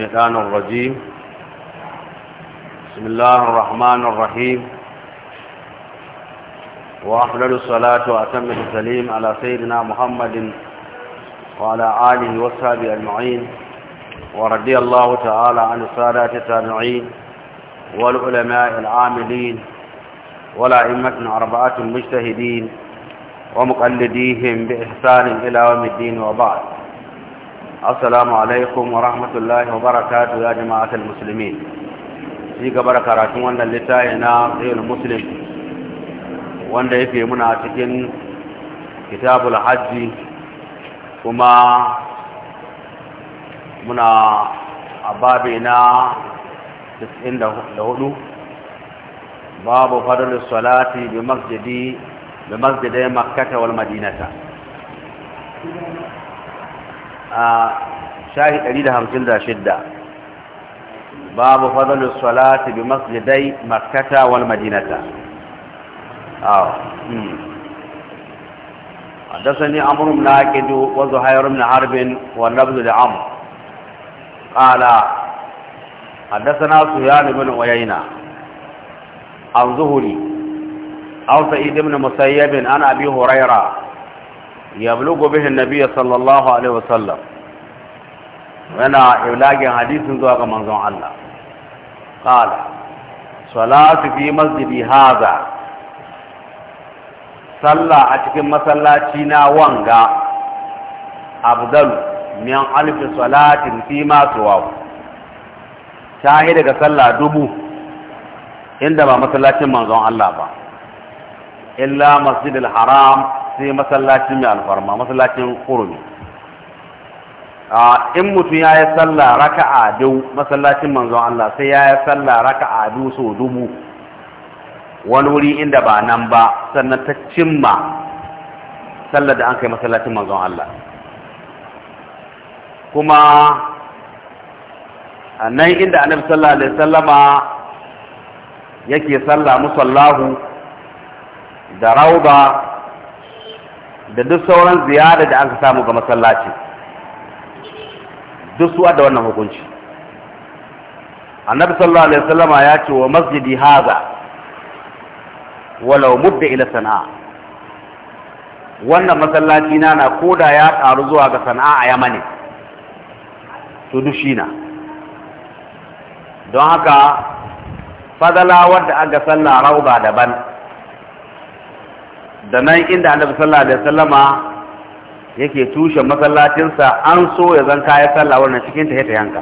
الشيطان الرجيم بسم الله الرحمن الرحيم وأفضل الصلاة وأتم التسليم على سيدنا محمد وعلى آله وصحبه أجمعين ورضي الله تعالى عن السادة التابعين والعلماء العاملين والأئمة أربعة المجتهدين ومقلديهم بإحسان إلى يوم الدين وبعد السلام عليكم ورحمة الله وبركاته يا جماعة المسلمين في قبر كراتون وانا اللي تاينا غير المسلم وانا في مناتكين كتاب الحج وما منا أبابنا تسئين لهدو باب فضل الصلاة بمسجد بمسجد مكة والمدينة a shahi 156 babu fadalin salati bi masjidai makkata wal madinata awa a dasani amurum na akidu wazo hayarum na harbin wannabzu da amur ƙala a dasana su ya nufin wayayina an zuhuri auta idim na musayyabin ana bi horaira yablugu bihi nabiyya sallallahu alaihi wasallam yana iblagin hadisin zuwa ga manzon Allah qala salatu fi masjidi salla a cikin masallaci na wanga abdal min alif salatin fi ma tuwaw shahi daga sallah dubu inda ba masallacin manzon Allah ba illa masjidil haram sai masallacin mai alfarma masallacin kurumi in mutum ya yi sallah raka a biyu masallacin manzon Allah sai ya yi sallah raka'a biyu so dubu wani wuri inda ba nan ba sannan ta cimma sallar da an kai masallacin manzon Allah kuma a nan inda annabi sallallahu alaihi sallama yake sallah musallahu da rauba da duk sauran ziyara da aka samu ga masallaci duk su da wannan hukunci annabi sallallahu alaihi wasallama ya ce wa masjidi haza walau mudda ila sana'a wannan masallaci na na koda ya karu zuwa ga sana'a a yamani to shi na don haka fadala wadda aka sallah rauba daban da nan inda annabi sallallahu alaihi wasallama yake tushe masallacinsa an so ya zan kaya sallah wannan cikin ta ta yanka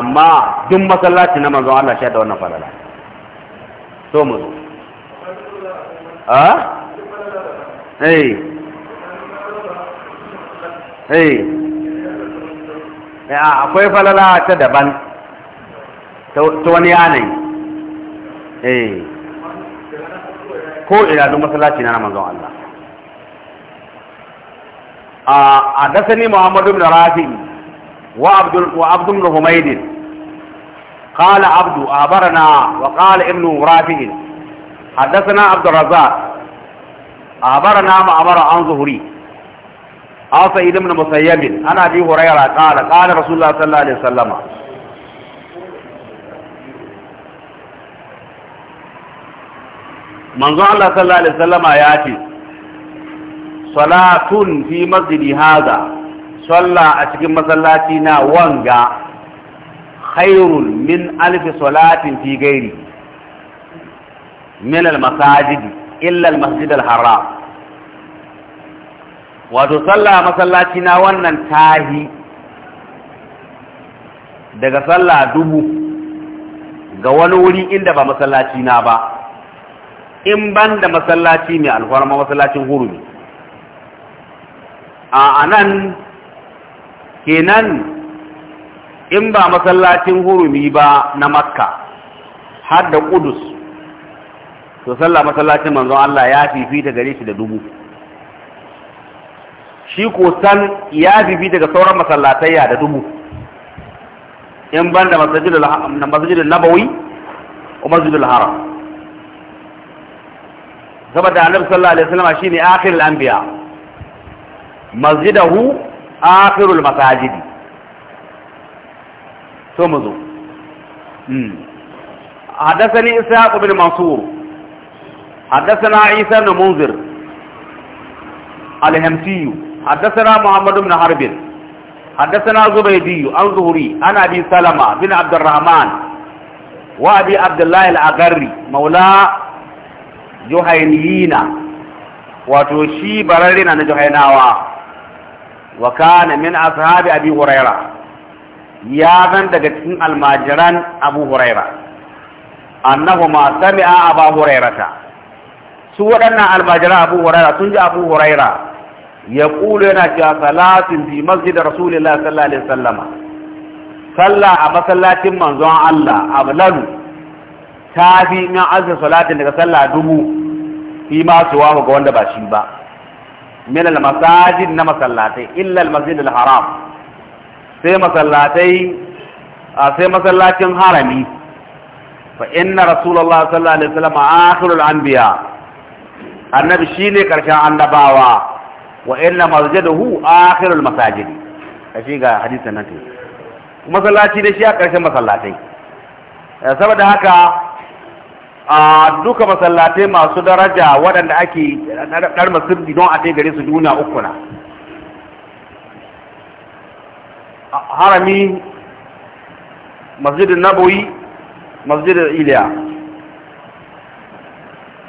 amma duk masallaci na manzon Allah shi da wannan falala so mu zo a eh eh akwai falala ta daban ta wani yanayi eh ko ina duk masallaci na manzon Allah a dasani Muhammadu bin Rafi wa Abdul wa Abdul Humayd قال عبد أبرنا وقال ابن رافع حدثنا عبد الرزاق ما أمر عن ظهري أو سيد بن مسيب أنا أبي هريرة قال قال رسول الله صلى الله عليه وسلم manzo Allah sallallahu alaihi wasallama ya ce salatun fi masjidi haza salla a cikin masallaci na wanga khairul min alfi salatin fi gairi min al-masajid illa al-masjid al-haram wato salla masallaci na wannan tahi daga salla dubu ga wani wuri inda ba masallaci na ba in ban da masallaci mai alfarma masallacin hurumi a anan kenan in ba masallacin hurumi ba na makka har da kudus to sallah masallacin manzon Allah ya fifita gare shi da dubu shi ko san ya fifita ga sauran masallatayya da dubu in ban da masajidul nabawi ko masjidul haram saboda annab sallallahu alaihi wasallam shine akhirul anbiya masjidahu akhirul masajid so muzo hmm hadathani ishaq ibn mansur hadathana isa ibn munzir alhamsi hadathana muhammad ibn harb hadathana zubaydi al-zuhri an abi salama bin abd الرحمن وابي عبد الله الاغري juhainiyina wato shi bararre na juhainawa wa kana min ashabi abi huraira ya zan daga cikin almajiran abu huraira annahuma sami'a abu hurairata su waɗannan almajiran abu huraira sun ji abu huraira ya kulu yana cewa salatin fi masjid rasulillah sallallahu alaihi wasallama sallah a masallacin manzon Allah ablalu ta bi min azin salatin daga sallah dubu fi ma suwa ga wanda ba shi ba min al masajid na masallatai illa al masjid al haram sai masallatai sai masallacin harami fa inna rasulullah sallallahu alaihi wasallam akhirul anbiya annabi shine karshen annabawa wa inna masjiduhu akhirul masajid kashi ga hadisin nan masallaci da shi a karshen masallatai eh, saboda haka a duka masallatai masu daraja waɗanda ake ɗar masirdi don a gare su duniya uku na harami masjidin Naboyi, masjidin iliya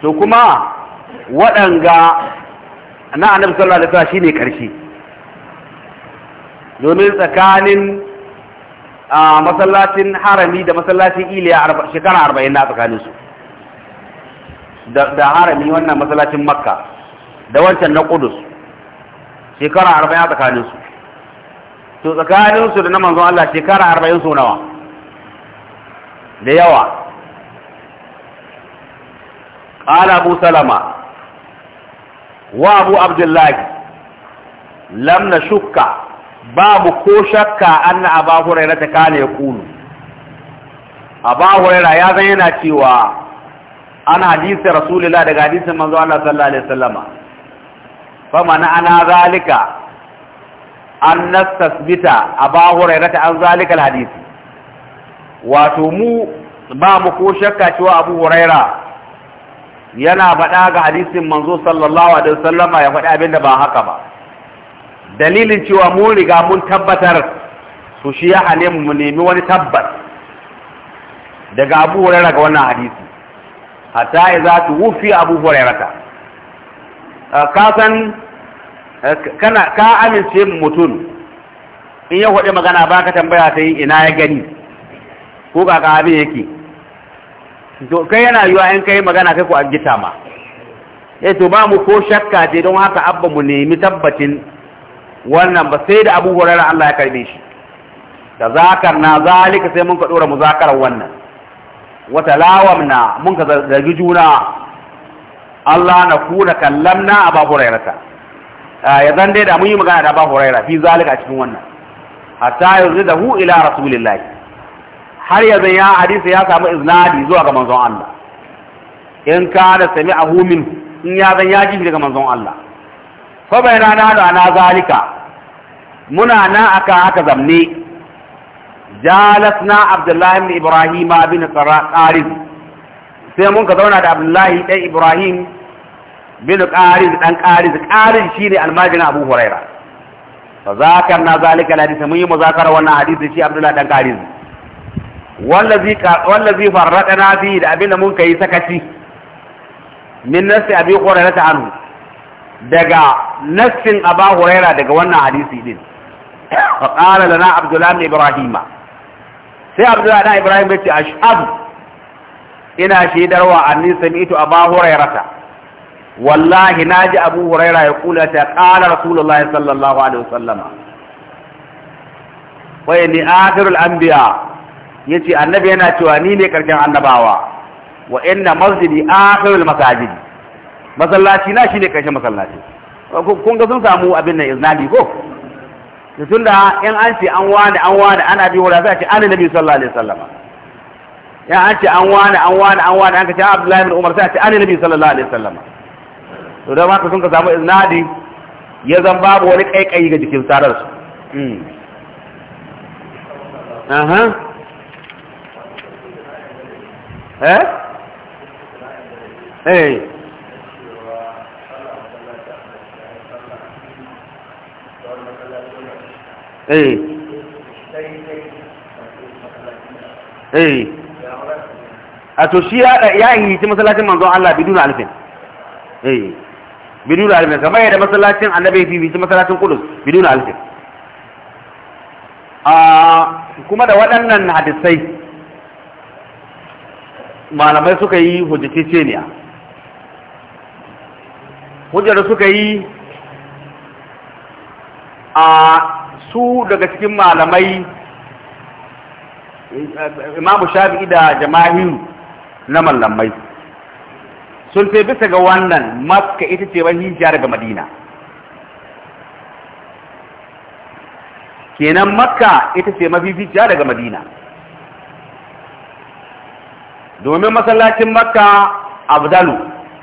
to kuma waɗanga na annabi sallallahu alaihi wasallam shine ƙarshe domin tsakanin a masallacin harami da masallacin iliya shekara arba'in na tsakaninsu da harami wannan masallacin makka da wancan na kudus shekara arba'in tsakaninsu to tsakaninsu da na manzon Allah shekara arba'in su nawa da yawa قال أبو Abdullahi, وأبو عبد الله لم نشك باب كو شك أن أبا هريرة كان يقول أبا هريرة يا زينا cewa. an hadisi rasulullah daga hadisin manzo Allah sallallahu alaihi wasallama faman ana zalika an nastasbita aba hurairata an zalika alhadisi wato mu ba mu ko shakka cewa abu huraira yana faɗa ga hadisin manzo sallallahu alaihi wasallama ya faɗi abinda ba haka ba dalilin cewa mu riga mun tabbatar su shi ya mu mu nemi wani tabbas daga abu huraira ga wannan hadisi hatta idza tuwfi abu hurairata eh, ka san eh, kana ka amince mutum in ya faɗi magana ba ka tambaya ta yi ina ya gani ko ka ka abin yake to kai yana yiwa in kai magana kai ko an gita ma eh to ba mu ko shakka ce don haka abba mu nemi tabbacin wannan ba sai da abu hurairah Allah ya karbe shi da zakar na zalika sai mun ka dora muzakarar wannan wata lawamna mun ka zargi juna Allah na kuna kallamna a babu rairata ya zan dai da mun yi magana da babu raira fi zalika cikin wannan hatta yanzu da hu ila rasulillahi har ya zan ya hadisi ya samu iznadi zuwa ga manzon Allah in ka da sami a min in ya zan ya ji daga manzon Allah fa bayana na da na zalika muna na aka haka zamne jalasna abdullahi ibn ibrahim bin qarin sai mun ka zauna da abdullahi dan ibrahim bin qarin dan qarin qarin shine almajirin abu huraira fa zakarna zalika alhadith mun yi muzakara wannan hadisi shi abdullahi dan qarin wallazi wallazi farradana fi da abinda mun kai sakaci min nasi abi huraira ta anhu daga nassin abu huraira daga wannan hadisi din fa qala lana abdullahi ibn ibrahima sai abdullahi da ibrahim bai ce ashhadu ina shaidarwa anni sami'tu abu hurairata wallahi naji abu huraira ya kula ta qala rasulullahi sallallahu alaihi wasallama wai ni akhirul anbiya yace annabi yana cewa ni ne karshen annabawa wa inna masjidi akhirul masajid masallaci na shine karshen masallaci kun ga sun samu abin nan iznadi ko tun da yan an ce an wani an wani ana bi wala sai a ce an nabi sallallahu alaihi wasallam yan an ce an wani an wani an wani an ka ce Abdullahi bin Umar sai a ce an nabi sallallahu alaihi wasallam to da haka sun ka samu iznadi ya zan babu wani kaikayi ga jikin sarar su hmm. aha eh eh eh eh a to shi ya yi ci masallacin manzon Allah biduna alfin eh biduna alfin kamar yadda masallacin annabi fi ci masallacin kudus biduna alfin a kuma da waɗannan hadisai malamai suka yi ne. hujjar suka yi a su daga cikin malamai imamu shafi'i da jama'i na mallamai sun fi bisa ga wannan makka ita ce wani hijiyar ga madina kenan makka ita ce mafificiya daga madina domin masallacin makka abdalu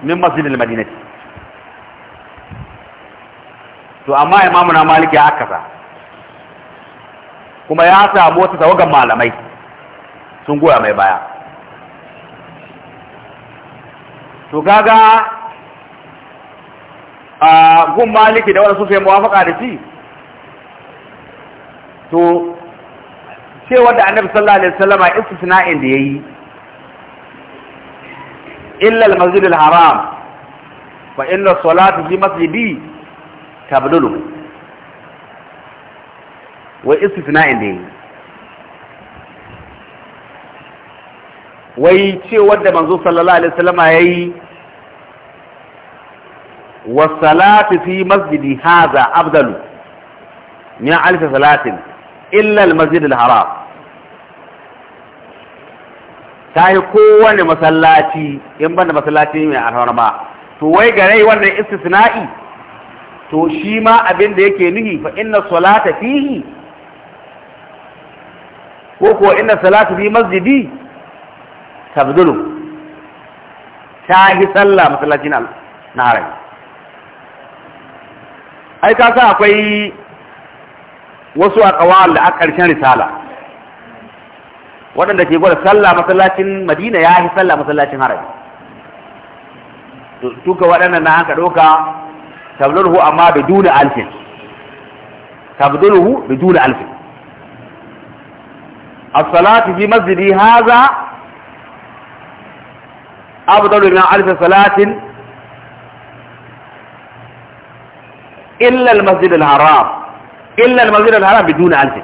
min masjidil madinati to amma imamu na maliki ya akasa kuma ya samu wata tawagan malamai sun goya mai baya to gaga a gun maliki da wadansu sai muwafaka da shi to cewa da annabi sallallahu alaihi wasallama istisna'in da yayi illa al-masjid al-haram fa inna as-salata fi masjidi tabdulu wai istisna'in da yi wai ce wadda manzo sallallahu alaihi wasallam yayi wasalatu fi masjidi hadha afdalu min alf salatin illa almasjid alharam sai kowanne masallaci in banda masallaci mai alharma to wai gare wannan istisna'i to shi ma abin da yake nihi fa inna salata fihi ko kuwa inna salatu bi masjidi tabdulu ta yi sallah masallacin na harai ai ka sa akwai wasu a kawal a ƙarshen risala waɗanda ke gwada sallah masallacin madina ya yi sallah masallacin harai tuka waɗannan na an ɗauka tabdulhu amma da duna alfin tabdulhu da duna alfin الصلاه في مسجد هذا افضل من الف صلاه الا المسجد الحرام الا المسجد الحرام بدون الف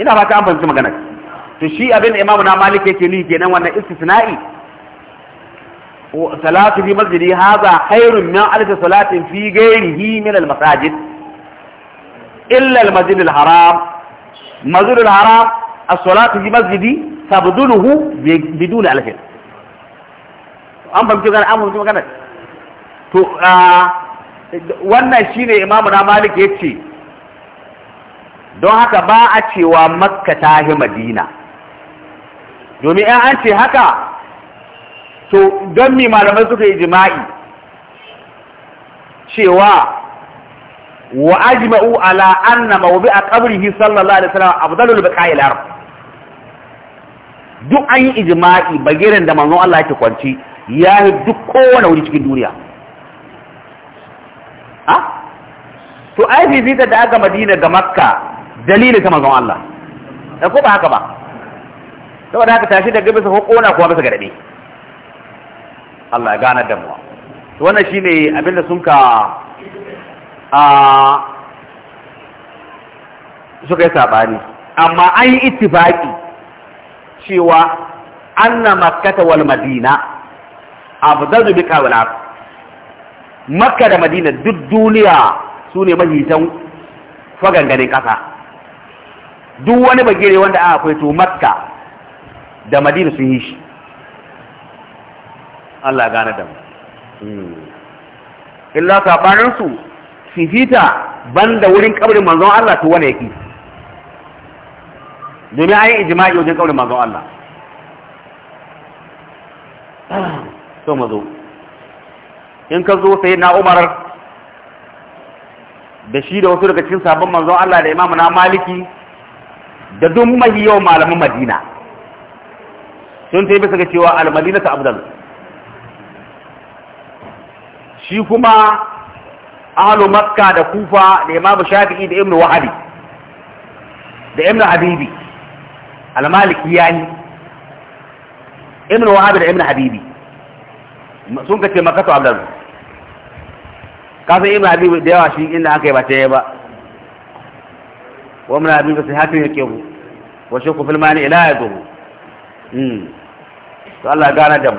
ان كان في فهمت مغنك شيء ابن امامنا مالك يكي لي كينان استثنائي صلاه في مسجد هذا خير من الف صلاه في غيره من المساجد الا المسجد الحرام mazulul haram as في مسجد masjidi بدون bidun alfil an fahimci magana an fahimci magana to wannan shine imamu na malik yace don haka ba a cewa makka ta yi madina domin in an ce haka to don mi malamai suka yi jima'i cewa wa ajma'u ala anna mawdi'a qabrihi sallallahu alaihi wasallam afdalul biqa'il arab duk an yi ijma'i bagiran da manzon Allah yake kwanci ya yi duk kowane wuri cikin duniya ha to ai fifita da aka madina ga makka dalilin ta manzon Allah da eh, ko ba haka ba saboda haka tashi daga ko kona kuma bisa garbe Allah ya gane da mu to wannan shine abinda sun ka a suka yi saɓani amma an yi ittifaƙi cewa anna makkata wal madina abu zazu bi kawula makka da madina duk duniya su ne mahitan faganganin ƙasa duk wani bagire wanda aka akwai to makka da madina sun yi shi Allah gane da mu hmm. illa saɓaninsu fifita banda wurin kabrin manzon Allah to wane yake domin ayi ijma'i wajen kabrin manzon Allah so mazo in ka zo sai na Umar da shi da wasu daga cikin sabon manzon Allah da imamu na Maliki da duk mahi yau malamin Madina sun ta yi bisa ga cewa al-Madinatu abdal shi kuma ahlu makka da kufa da imamu shafi'i da ibnu wahabi da ibnu habibi al-maliki yani ibnu wahabi da ibnu habibi sun kace makatu abdal kasan ibnu habibi da yawa shi inda aka yi ba ta ba wa mun habibi sai hafi yake ku wa shakku fil mani ila ya mm to Allah gana da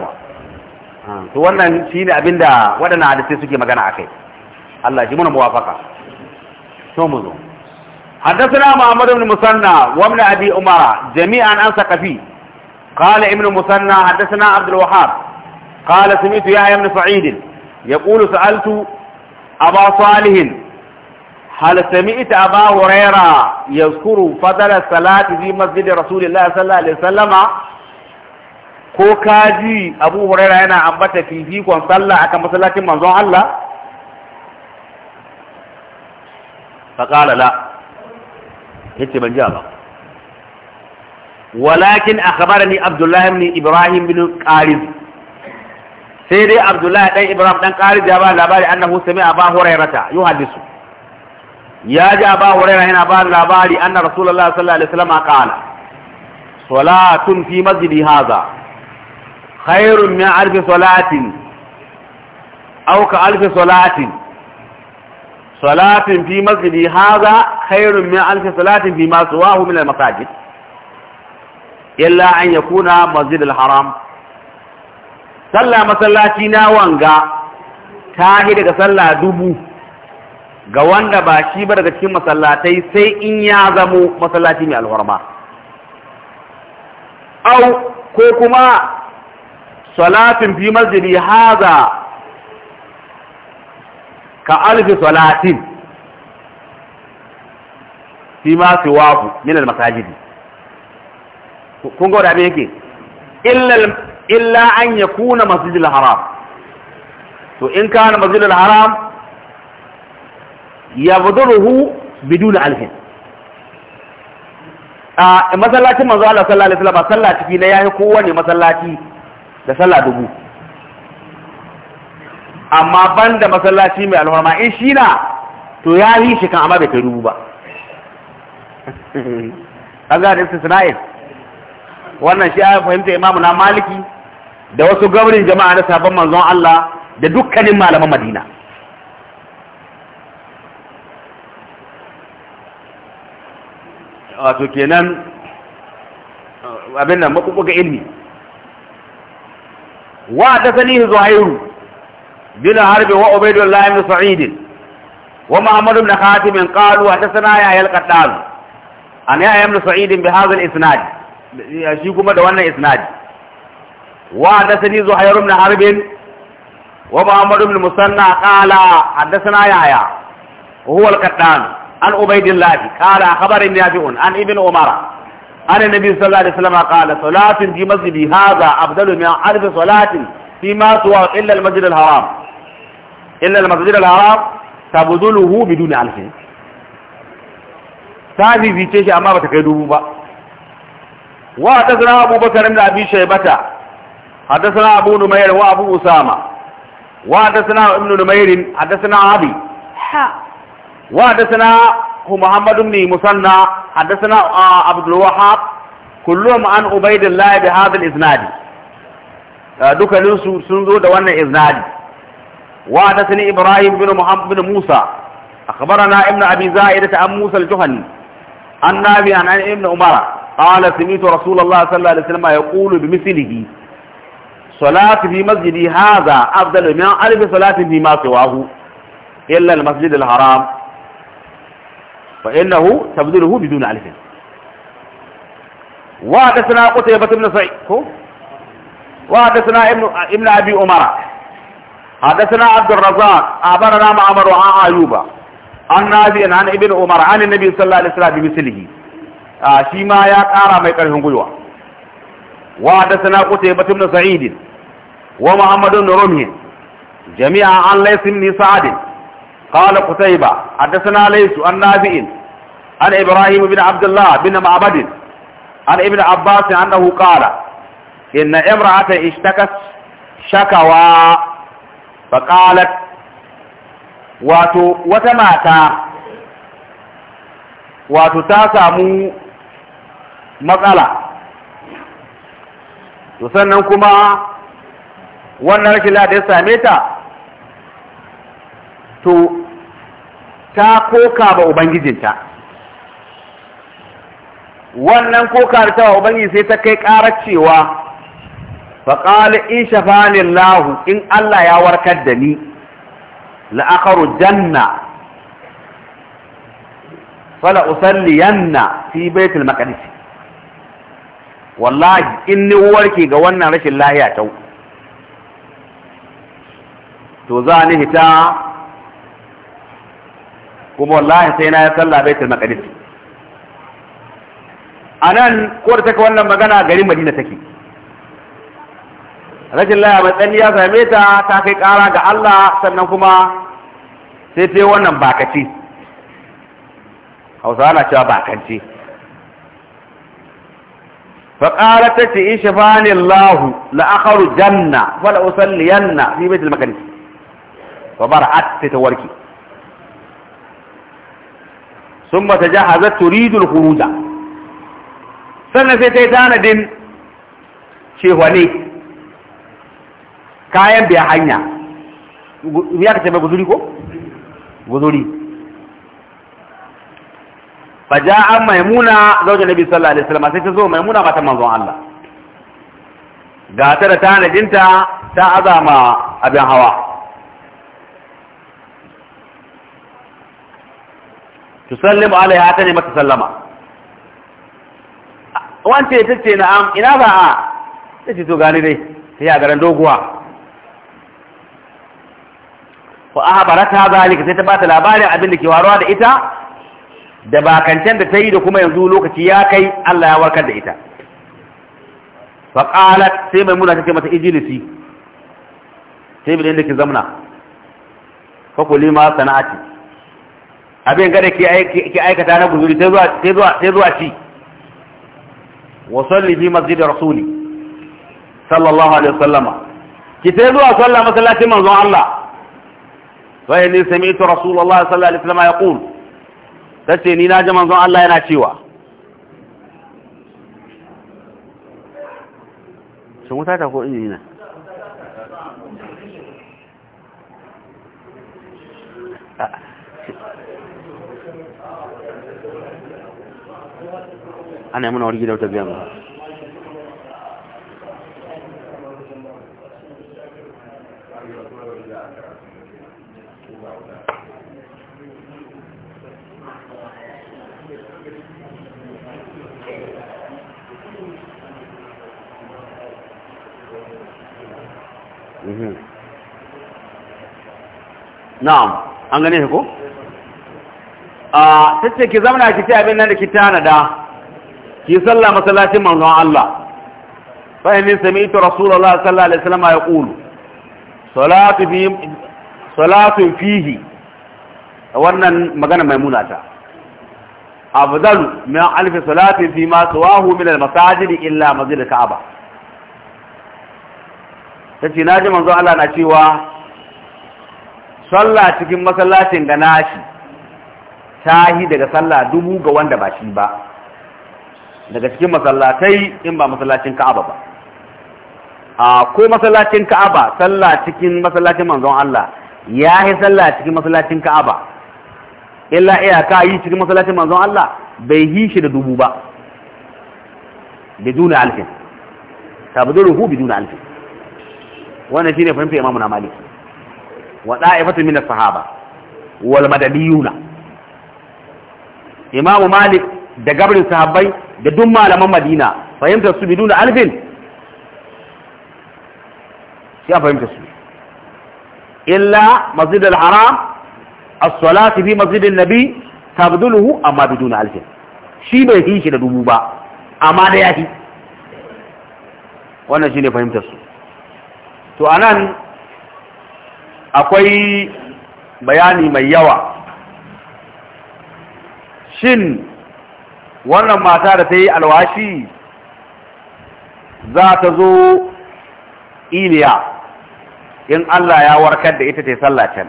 to wannan shine abinda wadannan hadisi suke magana akai Allah ji muna muwafaka to mu zo حدثنا محمد بن مسنى وابن ابي عمر جميعا عن ثقفي قال ابن مسنى حدثنا عبد الوهاب قال سمعت يحيى بن سعيد يقول سالت ابا صالح هل سمعت ابا هريره يذكر فضل الصلاه في مسجد رسول الله صلى الله عليه وسلم ko kaji abu huraira yana ambata fifikon sallah akan masallacin manzon Allah faƙala la ya ce ban ji ba walakin a abdullahi ne ibrahim bin ƙariz sai dai abdullahi ɗan ibrahim ɗan ƙariz ya ba labari annahu sami a ba hurairata yi ya ji a ba hurairata yana ba labari anna rasulullah sallallahu alaihi wasallam ƙala salatun fi masjidi haza khairun min alfi salatin auka alfi salatin salatin fi masjidi haza khairun min alf salatin fi ma min al illa an yakuna masjid al-haram sallah masallaci na wanga yi daga sallah dubu ga wanda ba shi ba daga cikin masallatai sai in ya zamo masallaci mai alwarma au ko kuma salatin fi masjidi haza ka alfi salatin fi ma siwahu min al-masajid kun ga da yake illa an ya kuna masjidul haram to in kana masjidul haram yabduruhu bidun alfin a masallacin manzo Allah sallallahu alaihi wasallam sallaci fi na yayi kowanne masallaci da sallah dubu amma ban da masallaci mai alhorma in shi na to ya yi shi kan amma bai kai rubu ba an da istisna'in wannan shi ya fahimta imamu na maliki da wasu gwamnin jama'a na sabon manzon Allah da dukkanin malaman madina wato kenan abin nan makwakwaka ilmi wa ta sani yi بن حرب وعبيد الله بن سعيد ومحمد بن خاتم قالوا حدثنا يحيى القطان عن يا بن سعيد بهذا الاسناد شي كما ده wannan وحدثني زهير بن حرب ومحمد بن مسنى قال حدثنا يا يا وهو القتال عن عبيد الله قال خبر نافع عن ابن عمر عن النبي صلى الله عليه وسلم قال صلاة في مسجدي هذا أفضل من ألف صلاة فيما سوى إلا المسجد الحرام illa al-masjid al-haram tabduluhu biduni alf tabi bice shi amma bata kai dubu ba wa tazra Abu Bakar ibn Abi Shaybata حدثنا أبو نمير وأبو أسامة وحدثنا ابن نمير حدثنا أبي وحدثنا هو محمد بن مسنى حدثنا عبد الوهاب an عن عبيد الله بهذا الإسناد duka su sun zo da wannan iznadi وحدثني إبراهيم بن محمد بن موسى أخبرنا ابن أبي زائدة عن موسى الجهني عن نافع عن ابن عمر قال سمعت رسول الله صلى الله عليه وسلم يقول بمثله صلاة في مسجدي هذا أفضل من ألف صلاة فيما سواه إلا المسجد الحرام فإنه تبذله بدون ألف وحدثنا قتيبة بن سعيد وحدثنا ابن ابن أبي عمر حدثنا عبد الرزاق أخبرنا معمر عن أيوب عن نافع عن ابن عمر عن النبي صلى الله عليه وسلم بمثله شيما آه، يا قارا ما يقرهم قلوا وحدثنا قتيبة بن سعيد ومحمد بن رمي جميعا عن ليس بن سعد قال قتيبة حدثنا ليس عن نافع عن إبراهيم بن عبد الله بن معبد عن ابن عباس أنه قال إن امرأة اشتكت شكوى faƙalat wato wata mata wato ta samu matsala to sannan kuma wannan rashin da ya same ta to ta koka ba ubangijinta wannan koka da ta wa ubangiji sai ta kai ƙarar cewa faƙali in shafanin in Allah ya warkar da ni la'akaru janna fala usalliyanna fi baitul maqdis wallahi in ni warke ga wannan rashin lahiya tau to za ni hita kuma wallahi sai na ya salla baitul maqdis wannan magana garin Madina take rashin laya mai tsani ya same ta ta kai kara ga Allah sannan kuma sai ta yi wannan bakaci hausawa na cewa bakanci fa faƙara ta ce in shafanin lahu la'akaru janna wala fala usalliyanna fi baitul makanis wa bara'at ta warki sun ba ta jahaza turidul huruja sannan sai ta yi tanadin shehwane kayan biya hanya ya ce mai guzuri ko guzuri faja'a maimuna zaujin nabi sallallahu alaihi wasallam sai ta zo maimuna mata manzon Allah ga ta da jinta ta azama abin hawa tusallimu alaiha ta ne mata sallama wance tace na am ina ba a ta to gani dai Sai yi a garin doguwa fa ahbarata zalika sai ta bata labarin abin da ke waruwa da ita da bakancan da ta yi da kuma yanzu lokaci ya kai Allah ya warkar da ita fa qalat sai mai muna take mata ijlisi sai bi da ke zamna fa kuli ma sana'ati abin ki ki aikata na guzuri sai zuwa sai zuwa sai zuwa ci wa salli fi masjid rasuli sallallahu alaihi wasallama ki sai zuwa sallama masallacin manzon Allah فإني سمعت رسول الله صلى الله عليه وسلم يقول تسيني ناجم أنظر الله يناتيوا شو متى تقول إني هنا أنا من أريد أن Mhm. na'am an gane ko a ah, tace ki zamana ki ci abin nan da ki tanada ki salla masallacin manzon Allah fa inni sami'tu Rasulullah sallallahu alaihi wasallam yaqulu salatu fihi salatu fihi wannan magana munata. أفضل min ألف صلاة fi ma من المساجد إلا masajid الكعبة masjid ka'aba tace naji الله Allah na cewa sallah cikin masallacin da nashi tahi daga sallah dubu ga wanda ba shi ba daga cikin masallatai in ba masallacin ko masallacin Ka'aba sallah cikin masallacin manzon Allah yahi sallah cikin masallacin Ka'aba illa iyaka yi cikin masallacin manzon Allah bai yi shi da dubu ba biduna alfin tabduruhu biduna alfin wannan shine fahimtar imamu na maliki wa da'ifatu min as-sahaba wal madadiyuna imamu malik da gabrin sahabbai da duk malaman madina fahimtar su biduna alfin ya fahimtar su illa masjidil haram as-salatu fi an nabi tabduluhu amma biduna alf shi bai yi shi da dubu ba amma da yafi wannan shine fahimtar su to anan akwai bayani mai yawa shin wannan mata da ta yi alwashi za ta zo iliya in Allah ya warkar da ita ta yi sallacen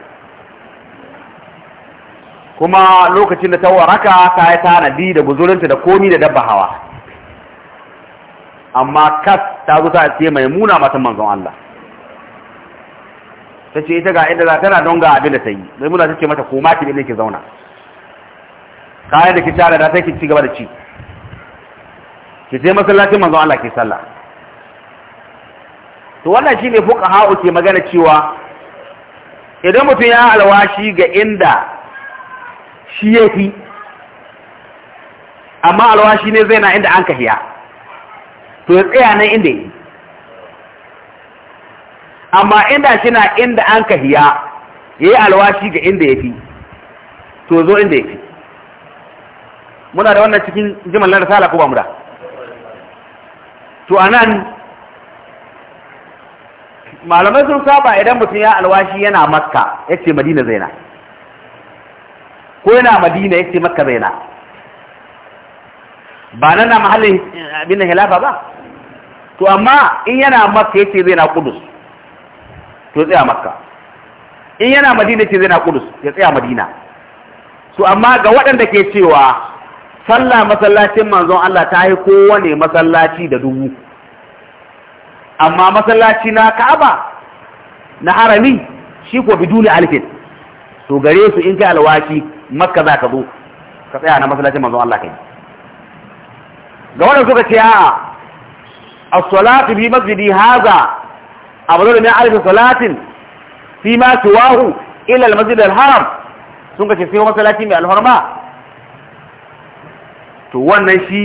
kuma lokacin da ta waraka ta yi tanadi da guzurinta da komi da dabba hawa amma kas ta zuta ta ce mai muna matan manzon Allah ta ce ita ga inda za tana don ga abin da ta yi mai muna ta ce mata koma ki ne ki zauna kayan da ki tara da sai ki ci gaba da ci ki je masallacin manzon Allah ki sallah to wannan shine fuqaha ke magana cewa idan mutum ya alwashi ga inda shi ya fi amma alwashi ne zai na inda an ka hiya to ya tsaya nan inda yi amma inda shi na inda an ka hiya ya yi alwashi ga inda ya fi to zo inda ya fi muna da wannan cikin jimallar da ko ba muda da to anan malamai sun saba idan mutum ya alwashi yana makka ya ce madina zaina ko yana madina ya ce makka na ba nan na mahallin eh, abin da hilafa ba to amma in yana makka ya ce na kudus to tsaya makka in yana madina ce na kudus ya tsaya madina to amma ga waɗanda ke cewa sallah masallacin manzon Allah ta yi kowane masallaci da dubu amma masallaci na ka'aba na harami shi ko biduni alkit to gare su in kai alwashi makka za ka zo ka tsaya na masallacin manzon Allah kai ga wannan suka ce a as-salatu fi masjidi hadha abdul min alif salatin fi ma siwahu ila al-masjid al-haram sun ka ce sai masallaci mai alhurma to wannan shi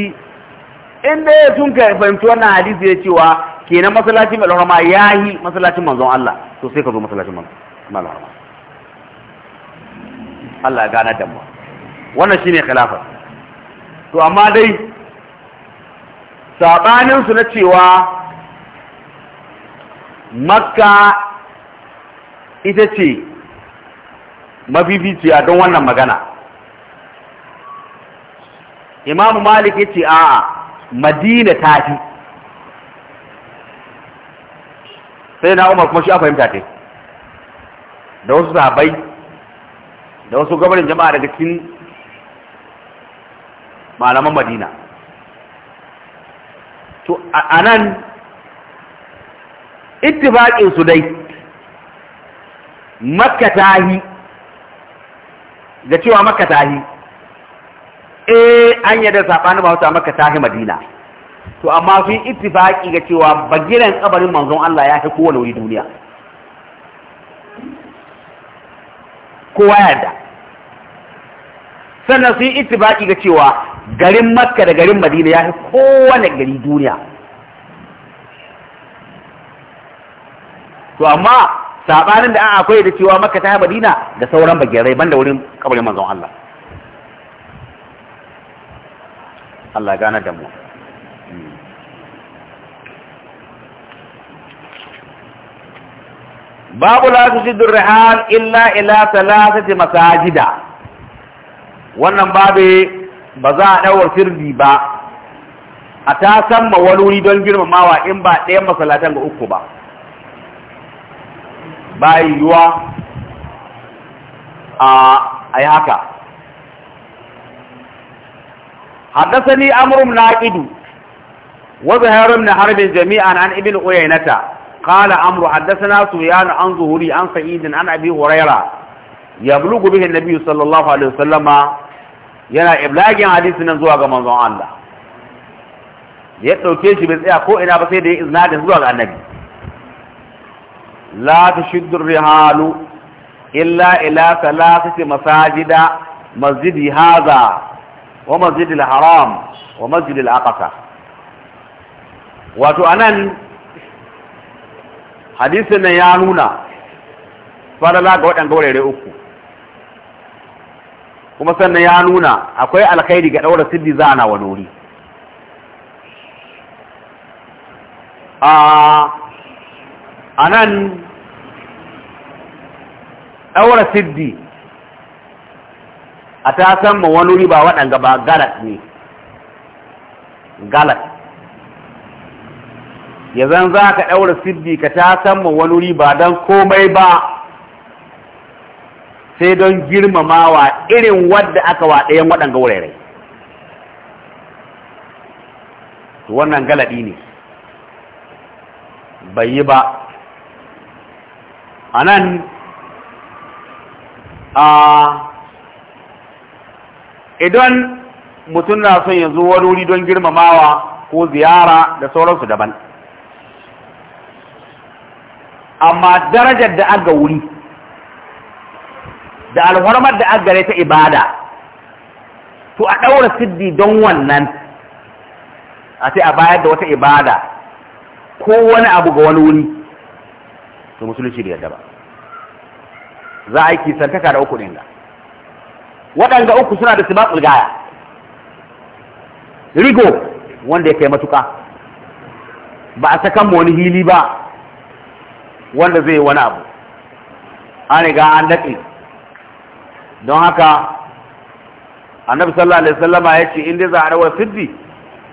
inda ya tun ka fahimci wannan hadisi ya cewa kenan masallacin mai alhurma yahi masallacin manzon Allah to sai ka zo masallacin manzon Allah Allah ya gane da mu wannan shine khilafa to amma dai sabanin su na cewa makka ita ce mafificiya don wannan magana imam malik ya ce a'a madina ta fi sai na umar kuma shi a fahimta ta da wasu sahabai da wasu gabarin jama'a daga cikin malaman madina to a nan ittifaƙinsu dai makka tahi da cewa makka tahi eh an yadda saɓanin mahauta makka tahi madina to amma sun ittifaƙi ga cewa bagiren kabarin manzon Allah ya fi kowane wuri duniya kowa yarda sannan sun yi baƙi ga cewa garin makka da garin madina ya fi kowane gari duniya to amma saɓanin da an akwai da cewa makka ta madina da sauran bagirai da wurin kabarin manzon Allah Allah gana da mu babu la tujidu rihal illa ila thalathati masajida wannan babu ba za a ɗaukar sirri ba a ta samma don girmamawa in ba ɗayan masalatan ga uku ba bayan yiwuwa a yi haka haddasa ni amurum na ƙidu wasu na harbin jami'an an ibin ƙoyainata قال أمر حدثنا سويان عن ظهوري عن سعيد عن أبي هريرة يبلغ به النبي صلى الله عليه وسلم ينا إبلاغ حديثنا زوا كما زوان الله يتلو كيش بس يا إيه خو إنا بسيد إيه إذناد زوا النبي لا تشد الرحال إلا إلى ثلاثة مساجد مسجد هذا ومسجد الحرام ومسجد الأقصى وتؤنن hadisin nan ya nuna farala ga waɗanda wurare uku kuma sannan ya nuna akwai alkhairi ga ɗaura siddi za na wani wuri a nan ɗaura siddi a ta san ma wani wuri ba waɗanda ba galat ne galat ya zan za ka ɗaura sirri ka ta san ma wani wuri ba don komai ba sai don girmamawa irin wadda aka wa ɗayan waɗanga wurare to wannan galaɗi ne bai yi ba a nan a idan mutum na son yanzu wani wuri don girmamawa ko ziyara da sauransu daban amma darajar da aka wuri da alhormar da aka gare ta ibada to a ɗaura siddi don wannan a sai a bayar da wata ibada ko wani abu ga wani wuri to musulunci da yadda ba za a yi da uku ɗin ga waɗanda uku suna da sibatsul gaya rigo wanda ya kai matuka ba a sakan wani hili ba wanda zai wani abu an riga an daɗe don haka annabi sallallahu alaihi wasallama ya ce inda za a rawar siddi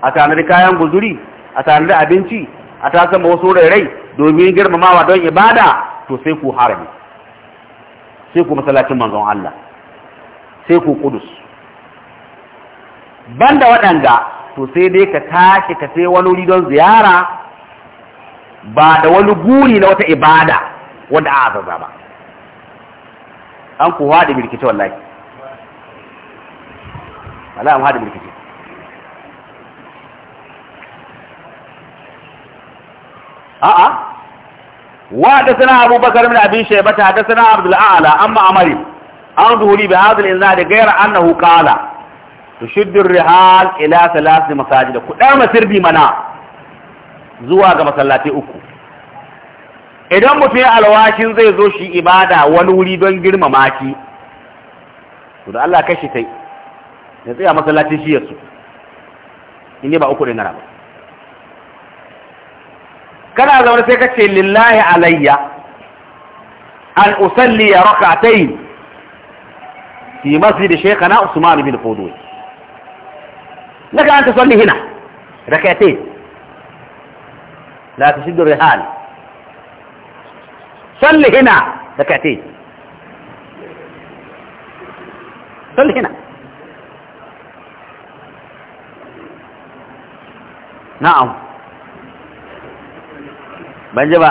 a tanar kayan guzuri a tanar abinci a tasan wasu rairai domin girmamawa don ibada to sai ku harami sai ku masallacin manzon Allah sai ku kudus banda waɗanda to sai dai ka tashi ka sai wani wuri don ziyara ba da wani buri na wata ibada wanda a azaza ba an ku haɗe birkice wallahi a'a wa da suna abu min abin shaiba ta da suna abdul'ala an ma'amari an zuhuri bi hazin inna da gaira an hukala tushiddin rihal ila salasin masajida ku ɗar masirbi mana zuwa ga masallatai uku idan mutum ya alwashin zai zo shi ibada wani wuri don girmama ki to da Allah kashi tai ya tsaya masallacin shi yasu in ba uku din ba kana zaune sai ka ce lillahi alayya an usalli ya rak'atayn fi masjid shaykhana usman bin fudud naka anta salli hina rak'atayn la tashidu rihal salli hina da kate salli hina na'am ban ji ba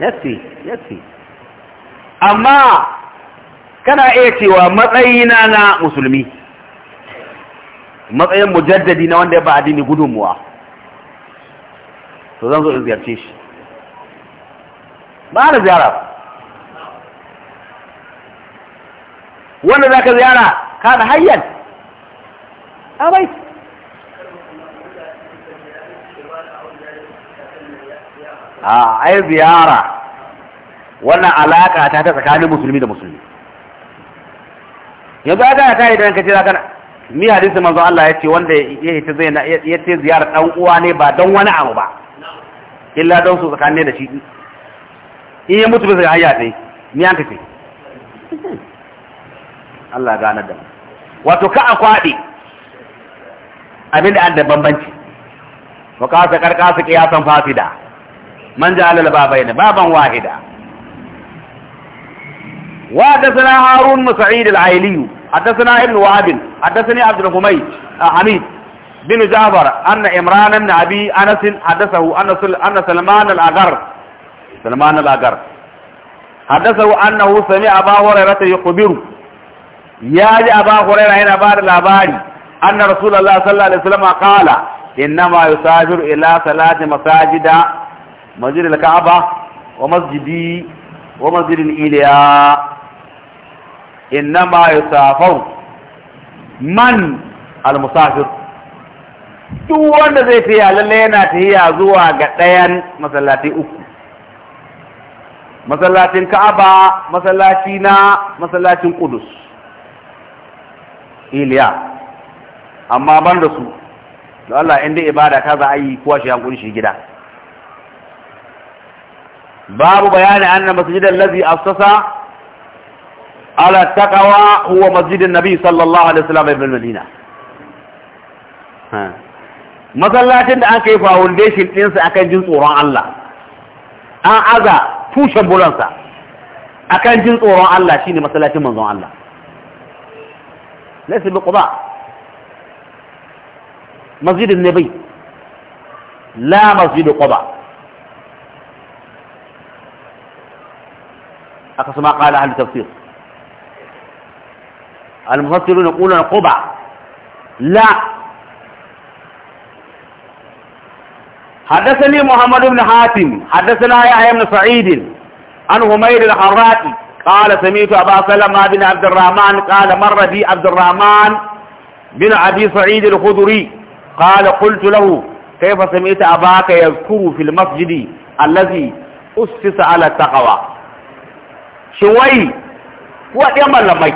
yafi amma kana iya cewa matsayina na musulmi matsayin mujaddadi na wanda ya ba addini gudunmuwa to zan zo in ziyarce shi ba da ziyara wanda za ka ziyara ka da hanyar abai a ai ziyara wannan alaƙa ta ta tsakanin musulmi da musulmi yanzu aka ta yi don ka na ni hadisi manzo Allah ya ce wanda ya ce zai ya ziyarar uwa ne ba don wani abu ba illa don su tsakanin da shi in ya mutu bisa hayya sai ni an tafi Allah gane da mu wato ka a kwaɗe abinda an da bambanci wa kasa karkasa kiyasan fasida man ja'ala babaina baban wahida Wa sana harun musa'id al-ailiyu hadathana ibn wahab hadathani abdul humayd حميد ah, بن جابر أن إمران بن أبي أنس حدثه أن سلمان الأغر سلمان الأغر حدثه أنه سمع أبا هريرة يخبره يا أبا هريرة هنا بار الأباري أن رسول الله صلى الله عليه وسلم قال إنما يسافر إلى صلاة مساجد مسجد الكعبة ومسجدي ومسجد الإلياء إنما يسافر من المسافر duk wanda zai tafiya lalle yana tafiya zuwa ga ɗayan masallatai uku masallacin ka'aba masallaci na masallacin kudus iliya amma ban da su da Allah inda ibada ka za a yi kuwa shi hankuli shi gida babu bayani annan masjidan lazi asasa ala taqwa huwa masjidin nabi sallallahu alaihi wasallam ibn madina ha masallacin da aka yi foundation ɗinsa akan jin tsoron Allah an aza tushen bulansa akan jin tsoron Allah shine masallacin manzon Allah laysa bi quba masjidin nabi la masjid quba aka sama qala ahli tafsir al-mufassiru المفسرون يقولون قبع لا حدثني محمد بن حاتم حدثنا يحيى بن سعيد عن همير الحراتي قال سمعت أبا سلمة بن عبد الرحمن قال مر بي عبد الرحمن بن أبي سعيد الخدري قال قلت له كيف سمعت أباك يذكر في المسجد الذي أسس على التقوى شوي وأيما لمي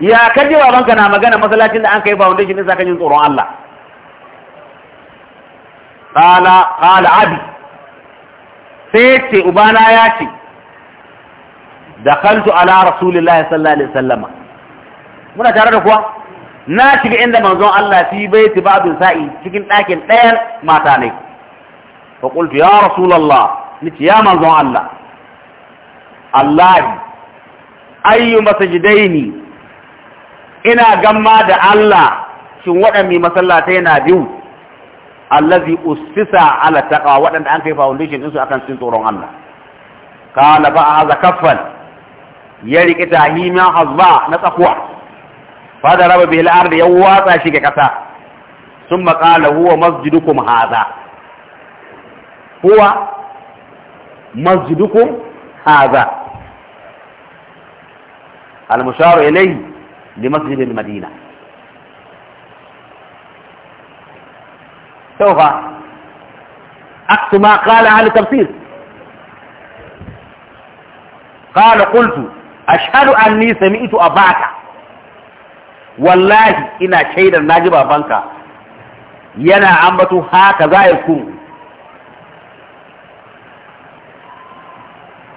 يا كجي بابانك أنا مغانا مسلاتين أنك يبا وندشي نساك ينطرون الله qala qala abi sai ce ubana ya ce dakaltu ala rasulillah sallallahu alaihi wasallama muna tare da kuwa na shiga inda manzon Allah fi baiti babin sa'i cikin ɗakin ɗayan mata ne fa qultu ya rasulullah nace ya manzon Allah Allahi. ayyu masajidaini ina gamma da Allah shin waɗanne masallatai na biyu الذي أسس على التقوى وأن أنك فاونديشن إنسو أكن سنتورون الله قال فأعذ كفا يلي كتاهيم أضلاع نتقوى فهذا رب به الأرض يواتا شك كتا ثم قال هو مسجدكم هذا هو مسجدكم هذا المشار إليه لمسجد المدينة سوف اكتب ما قال اهل التفسير قال قلت اشهد اني سمعت اباك والله ina shaidar naji babanka yana ambato haka za ya ku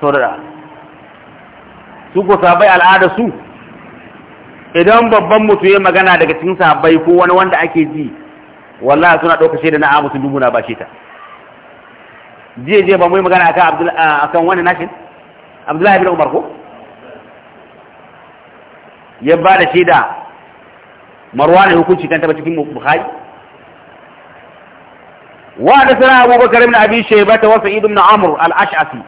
saboda su ko sabai al'ada idan babban mutu ya magana daga cikin sabai ko wani wanda ake ji wallahi suna ɗauka shaida na amusun dubu na bashe ta jiya jiya ba mu yi magana akan akan wani nashin abdullahi bin umar ko ya ba da shaida ne hukunci kan taba cikin bukhari وحدثنا أبو بكر بن أبي شيبة وسعيد بن عمرو الأشعثي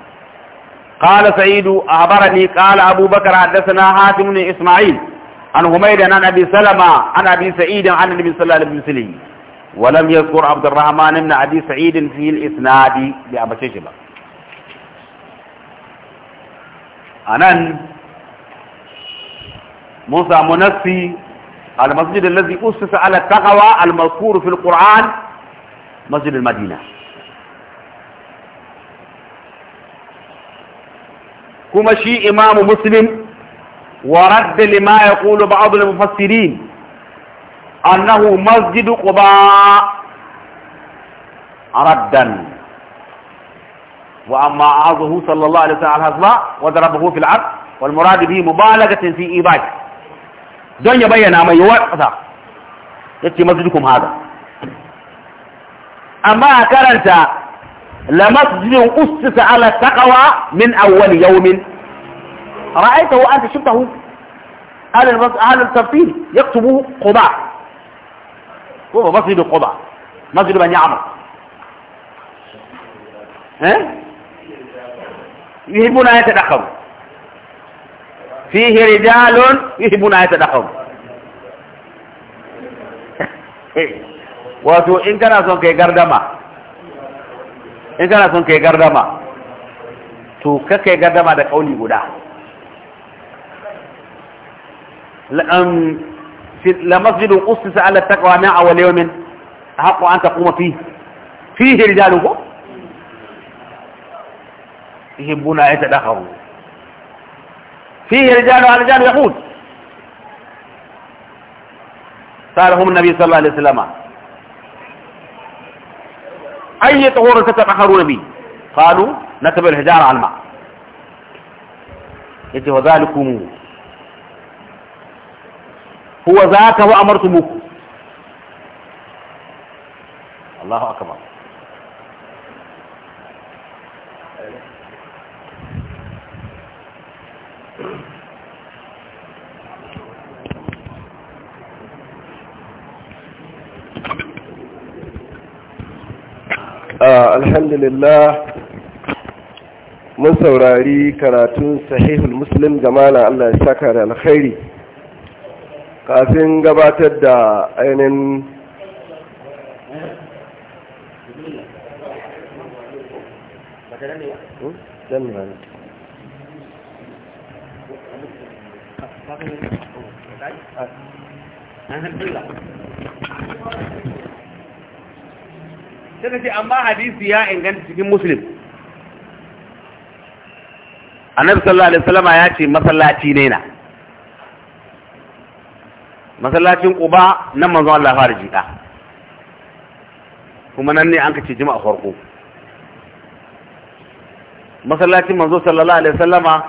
قال سعيد أخبرني قال أبو بكر حدثنا حاتم بن إسماعيل عن هميد عن أبي سلمة عن أبي سعيد عن النبي صلى الله عليه وسلم ولم يذكر عبد الرحمن بن عدي سعيد في الإسناد لأبا شيشبة أنا موسى منسي المسجد الذي أسس على التقوى المذكور في القرآن مسجد المدينة كما شيء إمام مسلم ورد لما يقول بعض المفسرين أنه مسجد قباء ردا وأما عرضه صلى الله عليه وسلم على الأصبع وضربه في العرض والمراد به مبالغة في إيباد دون يبين ما يوقف يأتي مسجدكم هذا أما كرنت لمسجد أسس على التقوى من أول يوم رأيته أنت شفته أهل التفصيل يكتبوه قضاء ko ba masjidu quba masjidu bani amr eh يحبون أن يتدخلوا فيه رجال يحبون أن يتدخلوا in kana son kai gardama in kana son kai gardama to kake kai gardama da kauli guda لمسجد أسس على التقوى من واليوم أحق أن تقوم فيه فيه رجاله يحبون أن يتدخلوا فيه رجال رجال يقول سألهم النبي صلى الله عليه وسلم أي طهور تتطهرون به قالوا نتبع الحجارة على الماء يتي هو ذاك هو أمرتموه الله أكبر آه، الحمد لله من سوراري كراتون صحيح المسلم جمال الله على خيري kafin gabatar da ainihin Saka ce, amma hadisi ya inganta cikin A Annabi sallallahu Alaihi wasallama ya ce masallaci ne na. masallacin ƙuba nan manzon Allah fara jiɗa kuma nan ne an ka ce jima'a farko masallacin manzo sallallahu alaihi wasallama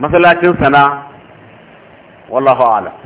masallacin sana wallahu a'lam